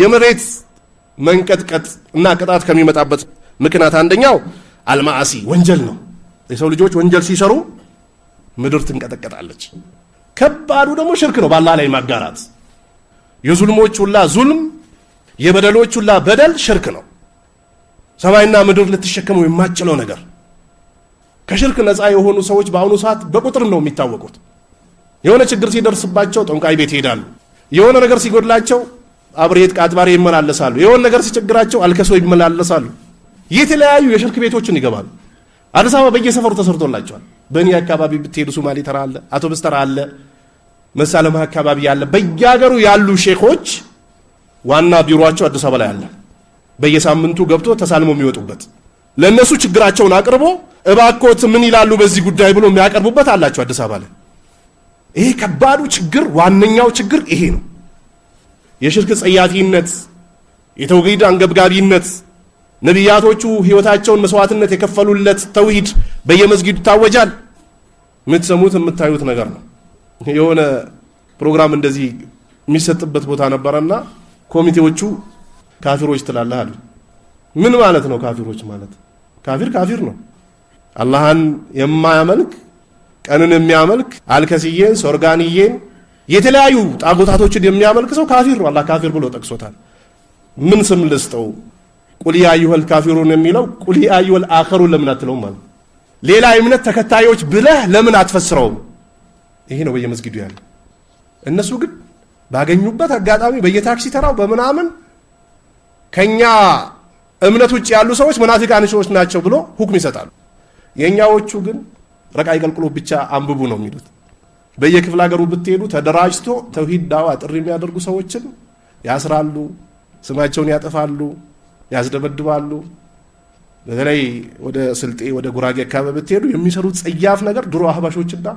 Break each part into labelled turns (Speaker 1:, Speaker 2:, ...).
Speaker 1: የመሬት መንቀጥቀጥ እና ቅጣት ከሚመጣበት ምክንያት አንደኛው አልማአሲ ወንጀል ነው። የሰው ልጆች ወንጀል ሲሰሩ ምድር ትንቀጠቀጣለች። ከባዱ ደግሞ ሽርክ ነው፣ በአላህ ላይ ማጋራት። የዙልሞች ሁላ ዙልም፣ የበደሎች ሁላ በደል ሽርክ ነው። ሰማይና ምድር ልትሸከመው የማችለው ነገር። ከሽርክ ነፃ የሆኑ ሰዎች በአሁኑ ሰዓት በቁጥር ነው የሚታወቁት። የሆነ ችግር ሲደርስባቸው ጠንቋይ ቤት ይሄዳሉ። የሆነ ነገር ሲጎድላቸው አብሬት ቃጥባሬ ይመላለሳሉ። የሆን ነገር ሲቸግራቸው አልከሶ ይመላለሳሉ። የተለያዩ የሽርክ ቤቶችን ይገባሉ። አዲስ አበባ በየሰፈሩ ተሰርቶላቸዋል። በእኔ አካባቢ ብትሄዱ ሱማሌ ተራ አለ፣ አቶ ተራ አለ፣ መሳለማ አካባቢ ያለ በየሀገሩ ያሉ ሼኮች ዋና ቢሮቸው አዲስ አበባ ላይ አለ። በየሳምንቱ ገብቶ ተሳልሞ የሚወጡበት ለእነሱ ችግራቸውን አቅርቦ እባኮት ምን ይላሉ በዚህ ጉዳይ ብሎ የሚያቀርቡበት አላቸው አዲስ አበባ ላይ። ይሄ ከባዱ ችግር ዋነኛው ችግር ይሄ ነው። የሽርክ ጸያፊነት፣ የተውሂድ አንገብጋቢነት ነቢያቶቹ ህይወታቸውን መስዋዕትነት የከፈሉለት ተውሂድ በየመስጊዱ ይታወጃል። የምትሰሙት የምታዩት ነገር ነው። የሆነ ፕሮግራም እንደዚህ የሚሰጥበት ቦታ ነበረና ኮሚቴዎቹ ካፊሮች ትላለህ አሉ። ምን ማለት ነው ካፊሮች ማለት? ካፊር ካፊር ነው። አላህን የማያመልክ ቀንን የሚያመልክ አልከስዬን ሶርጋንዬን የተለያዩ ጣጎታቶችን የሚያመልክ ሰው ካፊር ነው። አላህ ካፊር ብሎ ጠቅሶታል። ምን ስም ልስጠው? ቁል ያ አዩሀል ካፊሩን የሚለው ቁል ያ አዩሀል አኸሩን ለምን አትለውም? ማለት ሌላ እምነት ተከታዮች ብለህ ለምን አትፈስረውም? ይሄ ነው በየመስጊዱ ያለ። እነሱ ግን ባገኙበት አጋጣሚ በየታክሲ ተራው በምናምን ከኛ እምነት ውጭ ያሉ ሰዎች መናፊቃን ሰዎች ናቸው ብሎ ሁክም ይሰጣሉ። የእኛዎቹ ግን ረቃ ይቀልቅሎ ብቻ አንብቡ ነው የሚሉት። በየክፍለ ሀገሩ ብትሄዱ ተደራጅቶ ተውሂድ ዳዋ ጥሪ የሚያደርጉ ሰዎችን ያስራሉ፣ ስማቸውን ያጠፋሉ፣ ያስደበድባሉ። በተለይ ወደ ስልጤ ወደ ጉራጌ አካባቢ ብትሄዱ የሚሰሩት ጸያፍ ነገር ድሮ አህባሾችና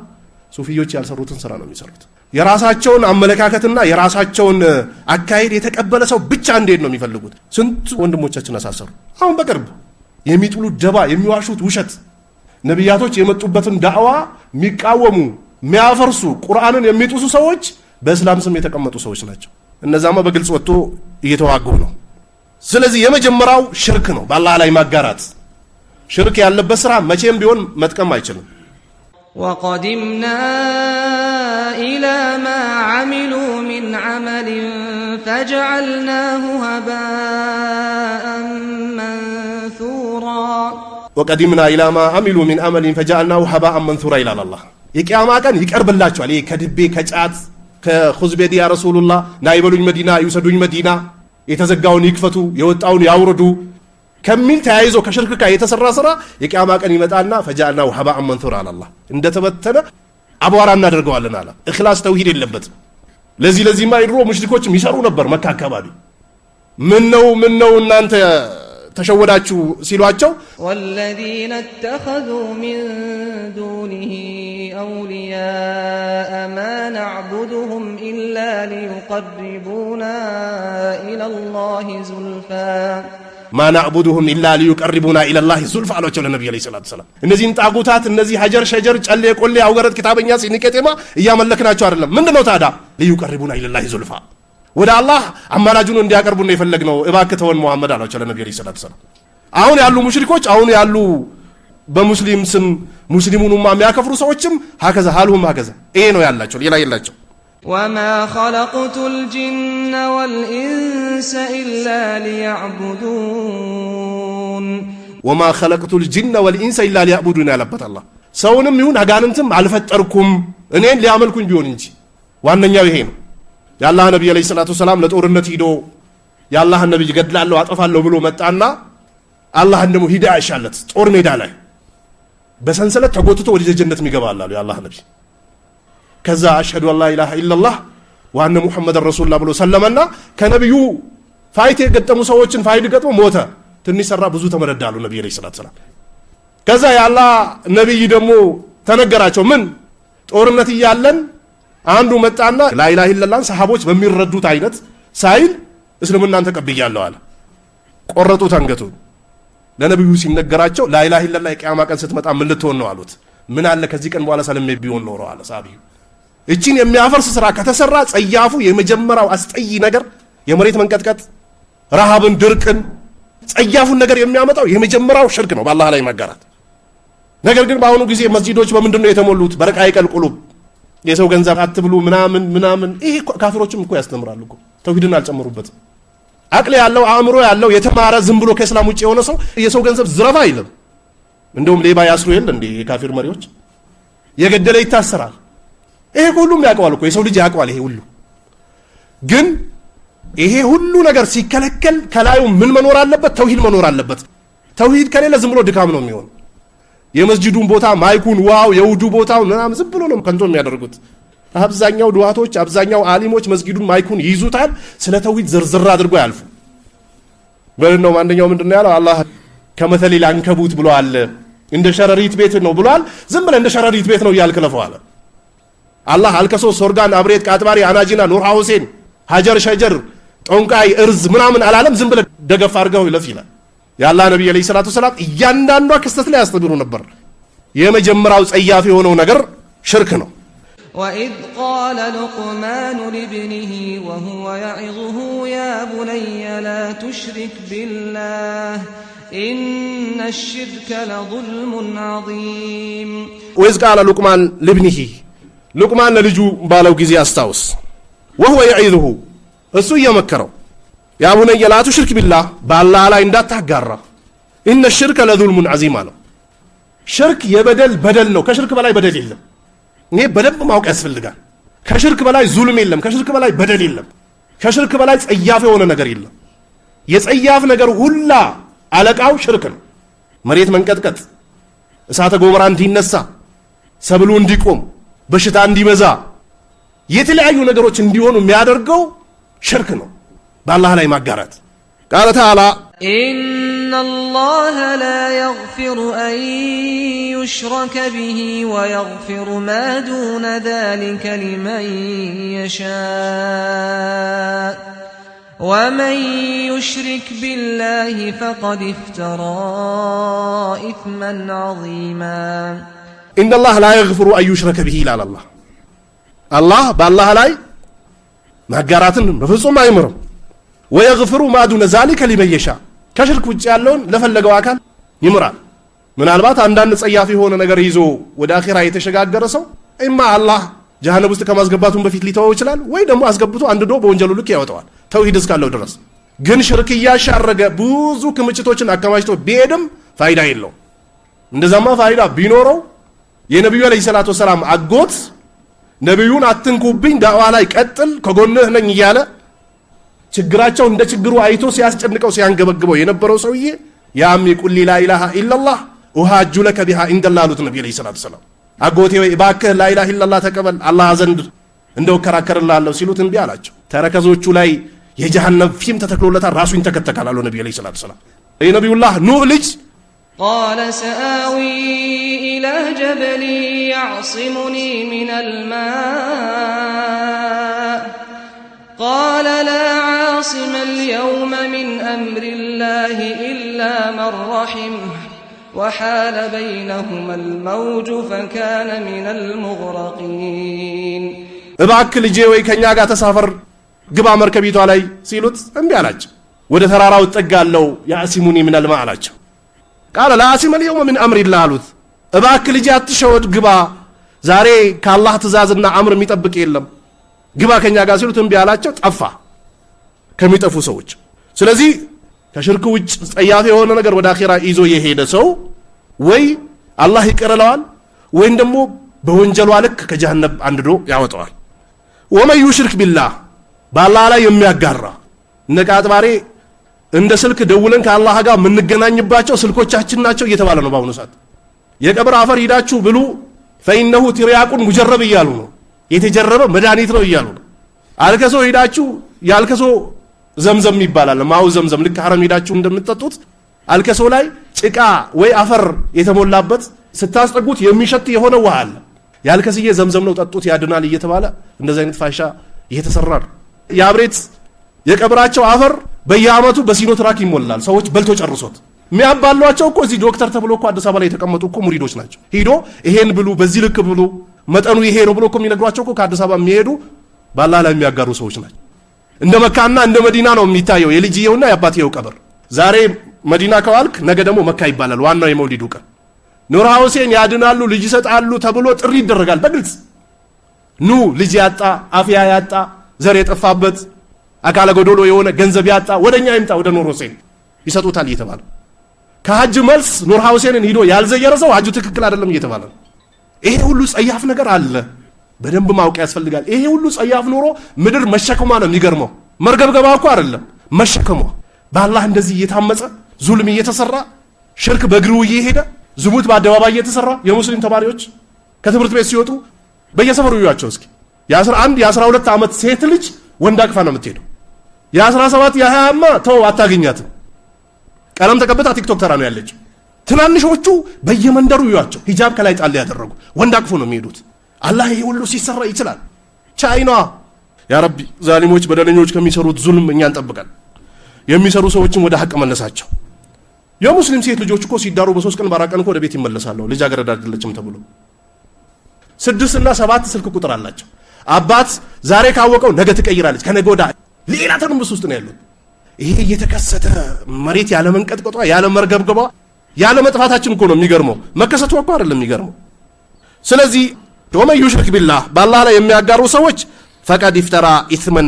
Speaker 1: ሱፊዮች ያልሰሩትን ስራ ነው የሚሰሩት። የራሳቸውን አመለካከትና የራሳቸውን አካሄድ የተቀበለ ሰው ብቻ እንዴት ነው የሚፈልጉት? ስንት ወንድሞቻችን አሳሰሩ። አሁን በቅርብ የሚጥሉት ደባ፣ የሚዋሹት ውሸት ነቢያቶች የመጡበትን ዳዕዋ የሚቃወሙ የሚያፈርሱ ቁርአንን የሚጥሱ ሰዎች በእስላም ስም የተቀመጡ ሰዎች ናቸው። እነዛማ በግልጽ ወጥቶ እየተዋጉ ነው። ስለዚህ የመጀመሪያው ሽርክ ነው፣ በአላህ ላይ ማጋራት። ሽርክ ያለበት ስራ መቼም ቢሆን መጥቀም አይችልም።
Speaker 2: وقدمنا إلى ما عملوا من عمل فجعلناه هباء منثورا
Speaker 1: وقدمنا إلى ما عملوا من عمل فجعلناه هباء منثورا إلى الله የቅያማ ቀን ይቀርብላቸዋል። ይሄ ከድቤ ከጫት ከኹዝቤድ ያ ረሱሉላህ ናይበሉኝ መዲና ይውሰዱኝ መዲና የተዘጋውን ይክፈቱ የወጣውን ያውርዱ ከሚል ተያይዞ ከሽርክ ጋር የተሰራ ስራ የቅያማ ቀን ይመጣና ፈጃና ውሃባ አመንቱር አላላ እንደተበተነ አቧራ እናደርገዋለን አለ። እክላስ ተውሂድ የለበትም። ለዚህ ለዚህማ ድሮ ሙሽሪኮችም ይሰሩ ነበር መካ አካባቢ። ምን ነው ምን ነው እናንተ ተሸወዳችሁ ሲሏቸው
Speaker 2: والذين اتخذوا من دونه اولياء ما نعبدهم الا ليقربونا الى الله زلفا
Speaker 1: ما نعبدهم الا ليقربونا الى الله زلفا على وجه النبي عليه الصلاه والسلام እነዚህን ጣጉታት እነዚህ ሀጀር ሸጀር ጨሌ ቆሌ አውገረት ኪታበኛ ሲኒቀቴማ እያመለክናቸው من ምንድነው ታዳ ليقربونا الى الله زلفا ወደ አላህ አማላጁን እንዲያቀርቡ ነው የፈለግነው፣ እባክህ ተወን መሐመድ አሏቸው ለነቢዩ ዐለይሂ ሰላቱ ሰላም። አሁን ያሉ ሙሽሪኮች፣ አሁን ያሉ በሙስሊም ስም ሙስሊሙን የሚያከፍሩ ሰዎችም ሀከዛ ሀልሁም ሀከዛ ይሄ ነው ያላቸው፣ ሌላ የላቸው።
Speaker 2: ወማ ኸለቅቱ ልጅነ ወልኢንሰ ኢላ ሊያዕቡዱን
Speaker 1: ወማ ኸለቅቱ ልጅነ ወልኢንሰ ኢላ ሊያዕቡዱን ያለበት አላህ ሰውንም ይሁን አጋንንትም አልፈጠርኩም እኔን ሊያመልኩኝ ቢሆን እንጂ ዋነኛው ይሄ ነው። የአላህ ነቢይ ዓለይሂ ሰላቱ ሰላም ለጦርነት ሂዶ የአላህን ነቢይ ገድላለሁ አጠፋለሁ ብሎ መጣና አላህን ደግሞ ሂዳ ያሻለት ጦር ሜዳ ላይ በሰንሰለት ተጎትቶ ወደ ጀነት የሚገባ አላሉ የአላህ ነቢ። ከዛ አሽሀዱ አላ ኢላሃ ኢላላህ ዋነ ሙሐመድን ረሱላ ብሎ ሰለመና ከነቢዩ ፋይት የገጠሙ ሰዎችን ፋይድ ገጥሞ ሞተ። ትንሽ ሰራ ብዙ ተመረዳ አሉ ነቢ ዓለይሂ ሰላቱ ሰላም። ከዛ የአላህ ነቢይ ደግሞ ተነገራቸው ምን ጦርነት እያለን አንዱ መጣና ላኢላህ ኢለላህን ሰሃቦች በሚረዱት አይነት ሳይል እስልምናን ተቀብያለሁ አለ። ቆረጡት አንገቱን። ለነቢዩ ሲነገራቸው ላኢላህ ኢለላህ የቅያማ ቀን ስትመጣ ምን ልትሆን ነው አሉት። ምን አለ ከዚህ ቀን በኋላ ሰልሜ ቢሆን ኖሮ አለ ሳቢዩ። እቺን የሚያፈርስ ስራ ከተሰራ ጸያፉ የመጀመሪያው አስጠይ ነገር የመሬት መንቀጥቀጥ፣ ረሃብን፣ ድርቅን ጸያፉን ነገር የሚያመጣው የመጀመሪያው ሽርክ ነው፣ በአላህ ላይ መጋራት። ነገር ግን በአሁኑ ጊዜ መስጂዶች በምንድን ነው የተሞሉት? በረቃ ይቀልቁሉብ የሰው ገንዘብ አትብሉ ምናምን ምናምን። ይሄ ካፊሮችም እኮ ያስተምራሉ እኮ ተውሂድን አልጨመሩበትም። አቅል ያለው አእምሮ ያለው የተማረ ዝም ብሎ ከእስላም ውጭ የሆነ ሰው የሰው ገንዘብ ዝረፋ አይልም። እንደውም ሌባ ያስሩ የለ እንደ የካፊር መሪዎች፣ የገደለ ይታሰራል። ይሄ ሁሉም ያውቀዋል እኮ የሰው ልጅ ያውቀዋል። ይሄ ሁሉ ግን ይሄ ሁሉ ነገር ሲከለከል ከላዩ ምን መኖር አለበት? ተውሂድ መኖር አለበት። ተውሂድ ከሌለ ዝም ብሎ ድካም ነው የሚሆን የመስጅዱን ቦታ ማይኩን፣ ዋው የውዱ ቦታው ምናምን ዝም ብሎ ነው ከንቶ የሚያደርጉት። አብዛኛው ድዋቶች፣ አብዛኛው አሊሞች መስጊዱን ማይኩን ይይዙታል። ስለ ተውሂድ ዝርዝር አድርጎ ያልፉ በልነው። አንደኛው ምንድነው ያለው? አላህ ከመተሊ ላንከቡት ብሏል። እንደ ሸረሪት ቤት ነው ብሏል። ዝም ብለ እንደ ሸረሪት ቤት ነው እያልክ ለፈዋለ አላህ አልከሶ፣ ሶርጋን፣ አብሬት፣ ቃጥባሪ፣ አናጂና፣ ኑርሃ ሁሴን፣ ሀጀር፣ ሸጀር፣ ጦንቃይ እርዝ ምናምን አላለም። ዝም ብለ ደገፍ አድርገው ይለፍ ይላል። የአላህ ነብይ አለይሂ ሰላቱ ሰላም እያንዳንዷ ክስተት ላይ ያስተምሩ ነበር። የመጀመሪያው ጸያፍ የሆነው ነገር ሽርክ ነው።
Speaker 2: ወኢዝ ቃለ ሉቅማኑ ሊብኒሂ ወሁወ የዒዙሁ ያ ቡነየ ላ ቱሽሪክ ቢላህ ኢነ ሽርከ ለዙልሙን ዐዚም።
Speaker 1: ወኢዝ ቃለ ሉቅማን ሊብኒሂ ሉቅማን ለልጁ ባለው ጊዜ አስታውስ። ወሁወ የዒዙሁ እሱ እየመከረው ያቡነየ ላ ቱሽሪክ ቢላህ በአላህ ላይ እንዳታጋራ ኢነ ሽርከ ለዙልሙን ዐዚም አለው። ሽርክ የበደል በደል ነው። ከሽርክ በላይ በደል የለም። እኔ በደንብ ማወቅ ያስፈልጋል። ከሽርክ በላይ ዙልም የለም። ከሽርክ በላይ በደል የለም። ከሽርክ በላይ ጸያፍ የሆነ ነገር የለም። የጸያፍ ነገር ሁላ አለቃው ሽርክ ነው። መሬት መንቀጥቀጥ፣ እሳተ ገሞራ እንዲነሳ፣ ሰብሉ እንዲቆም፣ በሽታ እንዲበዛ፣ የተለያዩ ነገሮች እንዲሆኑ የሚያደርገው ሽርክ ነው። بالله لا ማጋራት قال تعالى
Speaker 2: إن الله لا يغفر أن يشرك به ويغفر ما دون ذلك لمن يشاء ومن يشرك بالله فقد افترى إثما عظيما
Speaker 1: إن الله لا يغفر أن يشرك به لا الله الله بالله لا ما قراتن بفصوم ما يمرم ወየግፍሩ ማዱነ ዛሊከ ሊመየሻ ከሽርክ ውጭ ያለውን ለፈለገው አካል ይምራል። ምናልባት አንዳንድ ጸያፍ የሆነ ነገር ይዞ ወደ አኼራ የተሸጋገረ ሰው ኢማ አላህ ጀሃነም ውስጥ ከማስገባቱን በፊት ሊተወው ይችላል፣ ወይ ደግሞ አስገብቶ አንድዶ በወንጀሉ ልክ ያወጠዋል። ተውሂድ እስካለው ድረስ ግን ሽርክ እያሻረገ ብዙ ክምችቶችን አከማችቶ ቢሄድም ፋይዳ የለውም። እንደዛማ ፋይዳ ቢኖረው የነቢዩ ዓለይሂ ሰላቱ ወሰላም አጎት ነቢዩን አትንኩብኝ፣ ዳዕዋ ላይ ቀጥል፣ ከጎንህ ነኝ እያለ ችግራቸው እንደ ችግሩ አይቶ ሲያስጨንቀው ሲያንገበግበው የነበረው ሰውዬ ያሚቁል ላኢላሃ ኢላላህ ውሃጁ ለከ ቢሃ ኢንደላ አሉት ነቢ ለ ሰላት ሰላም አጎቴ ወይ እባክህ ላኢላህ ኢላላህ ተቀበል አላህ ዘንድ እንደው እከራከርልሃለሁ ሲሉት እንቢ አላቸው ተረከዞቹ ላይ የጀሃነም ፊም ተተክሎለታል ራሱ ይንተከተካል አሉ ነቢ ለ ሰላት ሰላም የነቢዩላህ ኑህ ልጅ
Speaker 2: قال سآوي إلى جبل يعصمني من الماء قال عاصم اليوم من أمر الله إلا من رحمه وحال بينهما الموج فكان من المغرقين
Speaker 1: إبعك لجيوي كان يعقى تسافر غبا مركبيتو علي سيلوت أمبي علاج وده ترارا وتقال لو يعسموني من المعلاج قال لا عاصم اليوم من أمر الله لوت إبعك جات تشوت غبا زاري كالله تزازنا أمر ميتبك إلم قبع كان يعقى سيلوت أمبي علاج أفا ከሚጠፉ ሰዎች። ስለዚህ ከሽርክ ውጭ ጸያፍ የሆነ ነገር ወደ አኼራ ይዞ የሄደ ሰው ወይ አላህ ይቀረለዋል ወይም ደግሞ በወንጀሏ ልክ ከጀሃነብ አንድዶ ያወጣዋል። ወመን ዩሽርክ ቢላህ በአላህ ላይ የሚያጋራ ነቃጥባሬ እንደ ስልክ ደውለን ከአላህ ጋር የምንገናኝባቸው ስልኮቻችን ናቸው እየተባለ ነው። በአሁኑ ሰዓት የቀብር አፈር ሂዳችሁ ብሉ ፈኢነሁ ትሪያቁን ሙጀረብ እያሉ ነው። የተጀረበ መድኃኒት ነው እያሉ ነው። አልከሶ ሂዳችሁ የአልከሶ ዘምዘም ይባላል። ማው ዘምዘም ልክ ሐረም ሄዳችሁ እንደምትጠጡት አልከሶ ላይ ጭቃ ወይ አፈር የተሞላበት ስታስጠጉት የሚሸት የሆነ ውሃ አለ። ዘምዘም ነው ጠጡት ያድናል እየተባለ እንደዚህ አይነት ፋሻ እየተሰራ ነው። የአብሬት የቀብራቸው አፈር በየአመቱ በሲኖትራክ ይሞላል። ሰዎች በልቶ ጨርሶት የሚያባሏቸው እኮ እዚህ ዶክተር ተብሎ እኮ አዲስ አበባ ላይ የተቀመጡ እኮ ሙሪዶች ናቸው። ሂዶ ይሄን ብሉ፣ በዚህ ልክ ብሉ፣ መጠኑ ይሄ ነው ብሎ እኮ የሚነግሯቸው እኮ ከአዲስ አበባ የሚሄዱ ባላ ላይ የሚያጋሩ ሰዎች ናቸው። እንደ መካና እንደ መዲና ነው የሚታየው የልጅየውና የአባትየው ቀብር። ዛሬ መዲና ከዋልክ ነገ ደግሞ መካ ይባላል። ዋናው የመውሊዱ ቀን ኑር ሁሴን ያድናሉ ልጅ ይሰጣሉ ተብሎ ጥሪ ይደረጋል። በግልጽ ኑ ልጅ ያጣ አፍያ ያጣ ዘር የጠፋበት አካለ ጎዶሎ የሆነ ገንዘብ ያጣ ወደኛ ይምጣ ወደ ኑር ሁሴን ይሰጡታል እየተባለ ከሀጅ መልስ ኑር ሁሴንን ሂዶ ያልዘየረ ሰው ሀጁ ትክክል አይደለም እየተባለ ይሄ ሁሉ ጸያፍ ነገር አለ። በደንብ ማወቅ ያስፈልጋል። ይሄ ሁሉ ጸያፍ ኑሮ ምድር መሸከሟ ነው የሚገርመው። መርገብገባ እኮ አይደለም መሸከሟ። በአላህ እንደዚህ እየታመጸ ዙልም እየተሰራ ሽርክ በእግሩ እየሄደ ዝሙት በአደባባይ እየተሰራ የሙስሊም ተማሪዎች ከትምህርት ቤት ሲወጡ በየሰፈሩ እዩዋቸው እስኪ። የ11 የ12 ዓመት ሴት ልጅ ወንድ አቅፋ ነው የምትሄደው። የ17 የ20ማ ተው አታገኛትም። ቀለም ተቀብታ ቲክቶክ ተራ ነው ያለችው። ትናንሾቹ በየመንደሩ እዩዋቸው። ሂጃብ ከላይ ጣል ያደረጉ ወንድ አቅፎ ነው የሚሄዱት። አላህ ይህ ሁሉ ሲሰራ ይችላል። ቻይና ያ ረቢ ዛሊሞች በደለኞች ከሚሰሩት ዙልም እኛ ጠብቀን፣ የሚሰሩ ሰዎችን ወደ ሀቅ መለሳቸው። የሙስሊም ሴት ልጆች እኮ ሲዳሩ በሶስት ቀን በአራት ቀን እኮ ወደ ቤት ይመለሳለሁ ልጃገረድ አይደለችም ተብሎ ስድስት እና ሰባት ስልክ ቁጥር አላቸው። አባት ዛሬ ካወቀው ነገ ትቀይራለች፣ ከነገ ወዳ ሌላ ትርምስ ውስጥ ነው ያሉት። ይሄ እየተከሰተ መሬት ያለ መንቀጥቀጧ ያለ መርገብገቧ ያለ መጥፋታችን እኮ ነው የሚገርመው። መከሰቱ እኮ አይደለም የሚገርመው። ስለዚህ ወመን ዩሽሪክ ቢላህ በአላህ ላይ የሚያጋሩ ሰዎች ፈቀድ ይፍተራ ኢትመን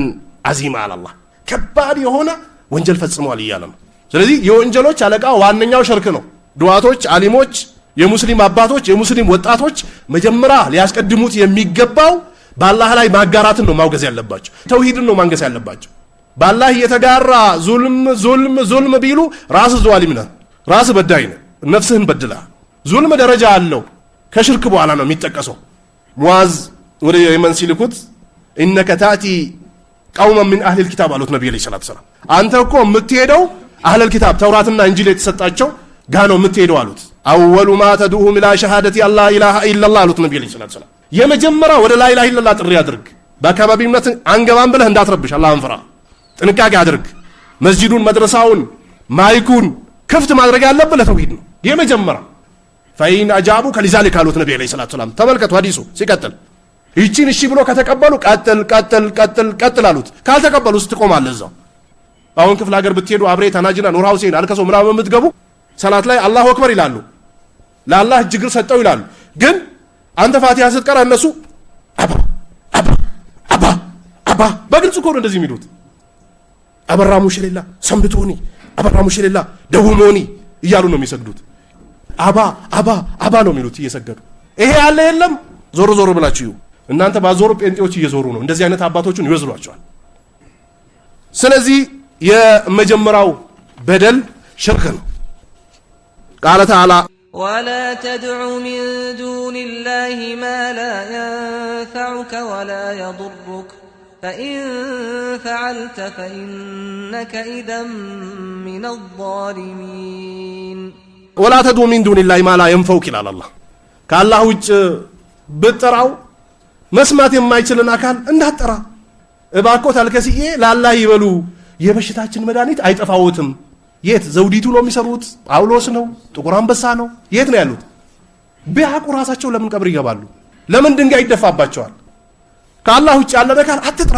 Speaker 1: አዚማ አላላህ ከባድ የሆነ ወንጀል ፈጽመዋል እያለ ነው። ስለዚህ የወንጀሎች አለቃ ዋነኛው ሽርክ ነው። ድዋቶች፣ አሊሞች፣ የሙስሊም አባቶች፣ የሙስሊም ወጣቶች መጀመሪያ ሊያስቀድሙት የሚገባው በአላህ ላይ ማጋራትን ነው ማውገዝ ያለባቸው። ተውሂድን ነው ማንገስ ያለባቸው። በአላህ የተጋራ ዙልም ዙልም ዙልም ቢሉ ራስ ዘዋሊም ነህ፣ ራስ በዳይ ነህ፣ ነፍስህን በድላ ዙልም ደረጃ አለው። ከሽርክ በኋላ ነው የሚጠቀሰው። ሙዓዝ ወደ የመን ሲልኩት ኢነከ ታእቲ ቀውመን ሚን አህሊል ኪታብ አሉት ነቢ ዐለይሂ ሰላቱ ሰላም። አንተ እኮ የምትሄደው አህለል ኪታብ ተውራትና እንጂል የተሰጣቸው ጋ ነው የምትሄደው አሉት። አወሉ ማ ተድሁም ኢላ ሸሃደቲ አላ ኢላሃ ኢለላህ አሉት ነቢ ዐለይሂ ሰላቱ ሰላም። የመጀመሪያ ወደ ላኢላሃ ኢለላህ ጥሪ አድርግ። በአካባቢነት አንገባም ብለህ እንዳትረብሽ፣ አላህን ፍራ፣ ጥንቃቄ አድርግ። መስጂዱን፣ መድረሳውን፣ ማይኩን ክፍት ማድረግ ያለብህ ለተውሂድ ነው የመጀመሪያ ፈኢን አጃቡ ከሊዛሊክ ካሉት ነቢ ዐለይሂ ሰላቱ ሰላም። ተመልከቱ ሀዲሱ ሲቀጥል ይቺን እሺ ብሎ ከተቀበሉ ቀጥል ቀጥል ቀጥል ቀጥል አሉት። ካልተቀበሉ ትቆማለ እዛው። አሁን ክፍለ ሀገር ብትሄዱ አብሬ፣ ታናጅና፣ ኑር ሁሴን፣ አልከሶ ምናምን የምትገቡ ሰላት ላይ አላሁ አክበር ይላሉ። ለአላህ እጅ እግር ሰጠው ይላሉ። ግን አንተ ፋቲሃ ስትቀራ እነሱ አባ አባ አባ አባ በግልጽ እኮ እንደዚህ የሚሉት። አበራ ሙሽሌላ ሰንብቶኒ አበራ ሙሽሌላ ደቡሞኒ እያሉ ነው የሚሰግዱት። አባ አባ አባ ነው የሚሉት እየሰገዱ። ይሄ ያለ የለም። ዞሮ ዞሮ ብላችሁ እናንተ ባዞሩ ጴንጤዎች እየዞሩ ነው። እንደዚህ አይነት አባቶችን ይወዝሏቸዋል። ስለዚህ የመጀመሪያው በደል ሽርክ ነው። ቃለ ተዓላ
Speaker 2: ولا ተድዑ من دون الله ማ ላ ينفعك ወላ يضرك ፈኢን فعلت ፈኢነከ ኢዘን من الظالمين
Speaker 1: ወላ ተዱ ሚን ዱኒላሂ ማላ የንፈውክ ይላል አላህ። ከአላህ ውጭ ብጠራው መስማት የማይችልን አካል እንዳትጠራ። እባኮ ታልከስዬ ለአላህ ይበሉ የበሽታችን መድኃኒት አይጠፋዎትም። የት ዘውዲቱ ነው የሚሰሩት? ጳውሎስ ነው፣ ጥቁር አንበሳ ነው፣ የት ነው ያሉት? ቢያቁ ራሳቸው ለምን ቀብር ይገባሉ? ለምን ድንጋይ ይደፋባቸዋል? ከአላህ ውጭ ያለን አካል አትጥራ።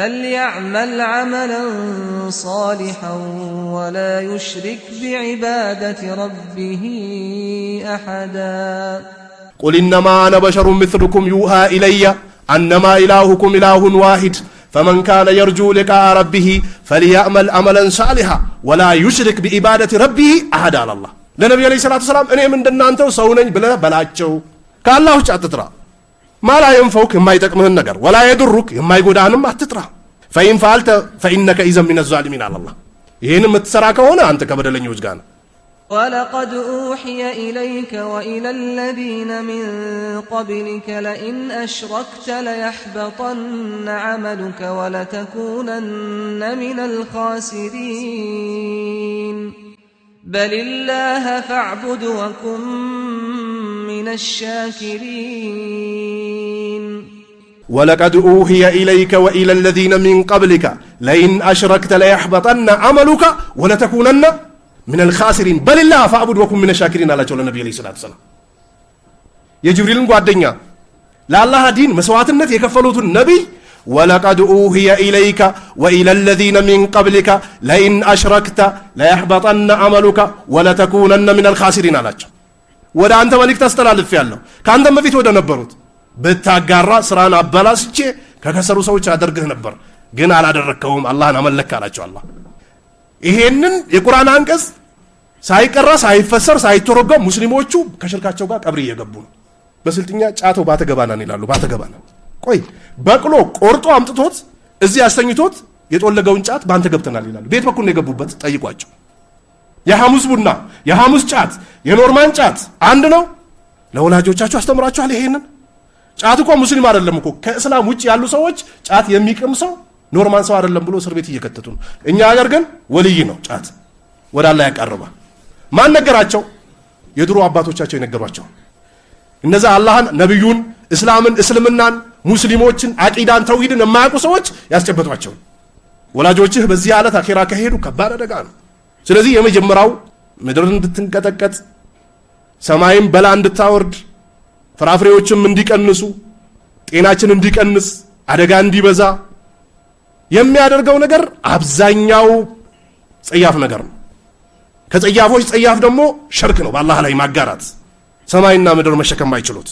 Speaker 2: فليعمل عملا صالحا ولا يشرك بعبادة ربه أحدا
Speaker 1: قل إنما أنا بشر مثلكم يوحى إلي أنما إلهكم إله واحد فمن كان يرجو لقاء ربه فليعمل عملا صالحا ولا يشرك بعبادة ربه أحدا على الله لنبي عليه الصلاة والسلام أنا من ሰው ነኝ بلا بلاتشو كالله ውጭ ما لا ينفوك ما يتقمه النجر ولا يدرك ما يقول عنهم ما تطرح فإن فعلت فإنك إذا من الظالمين على الله هنا متسرعك هنا أنت كبر لن ነው
Speaker 2: ولقد أوحي إليك وإلى الذين من قبلك لئن أشركت ليحبطن عملك ولتكونن من الخاسرين بل الله فاعبد وكن من الشاكرين
Speaker 1: ወለቀድ ኡህየ ኢለይከ ወኢለ ለዚነ ሚን ቀብሊከ ለኢን አሽረክተ ለያሕበጠና አመሉከ ወለተኩነና ምን አልኻሲሪን በልላ ፋዕቡድ ወኩን ምን ሻኪሪን አላቸው ለነቢ ለ ስላት ሰላም የጅብሪልን ጓደኛ ለአላህ ዲን መስዋዕትነት የከፈሉትን ነቢይ ወለቀድ ኡህየ ኢለይከ ወኢለ ለዚነ ሚን ቀብሊከ ለኢን አሽረክተ ለያሕበጠና አመሉከ ወለተኩነነ ምን አልኻሲሪን አላቸው ወደ አንተ መልእክት አስተላልፍ ያለሁ ከአንተም በፊት ወደ ነበሩት ብታጋራ ስራን አበላስቼ ከከሰሩ ሰዎች አደርግህ ነበር፣ ግን አላደረግከውም። አላህን አመለክ አላቸው። አላህ ይሄንን የቁርአን አንቀጽ ሳይቀራ ሳይፈሰር ሳይተረጎም ሙስሊሞቹ ከሽርካቸው ጋር ቀብር እየገቡ ነው። በስልጥኛ ጫቶ ባተገባናን ይላሉ። ባተገባና ቆይ በቅሎ ቆርጦ አምጥቶት እዚህ አስተኝቶት የጦለገውን ጫት በአንተ ገብተናል ይላሉ። ቤት በኩል ነው የገቡበት። ጠይቋቸው። የሐሙስ ቡና፣ የሐሙስ ጫት፣ የኖርማን ጫት አንድ ነው። ለወላጆቻችሁ አስተምራችኋል ይሄንን ጫት እኮ ሙስሊም አይደለም እኮ ከእስላም ውጭ ያሉ ሰዎች ጫት የሚቅም ሰው ኖርማል ሰው አይደለም ብሎ እስር ቤት እየከተቱ ነው። እኛ ሀገር ግን ወልይ ነው ጫት ወደ አላህ ያቀርባ። ማን ነገራቸው? የድሮ አባቶቻቸው የነገሯቸው እነዛ አላህን፣ ነቢዩን፣ እስላምን፣ እስልምናን፣ ሙስሊሞችን፣ አቂዳን፣ ተውሂድን የማያውቁ ሰዎች ያስጨበጧቸው። ወላጆችህ በዚህ ዓለት አኼራ ከሄዱ ከባድ አደጋ ነው። ስለዚህ የመጀመሪያው ምድርን እንድትንቀጠቀጥ ሰማይም በላ እንድታወርድ ፍራፍሬዎችም እንዲቀንሱ፣ ጤናችን እንዲቀንስ፣ አደጋ እንዲበዛ የሚያደርገው ነገር አብዛኛው ጸያፍ ነገር ነው። ከጸያፎች ጸያፍ ደግሞ ሸርክ ነው፣ በአላህ ላይ ማጋራት፣ ሰማይና ምድር መሸከም አይችሉት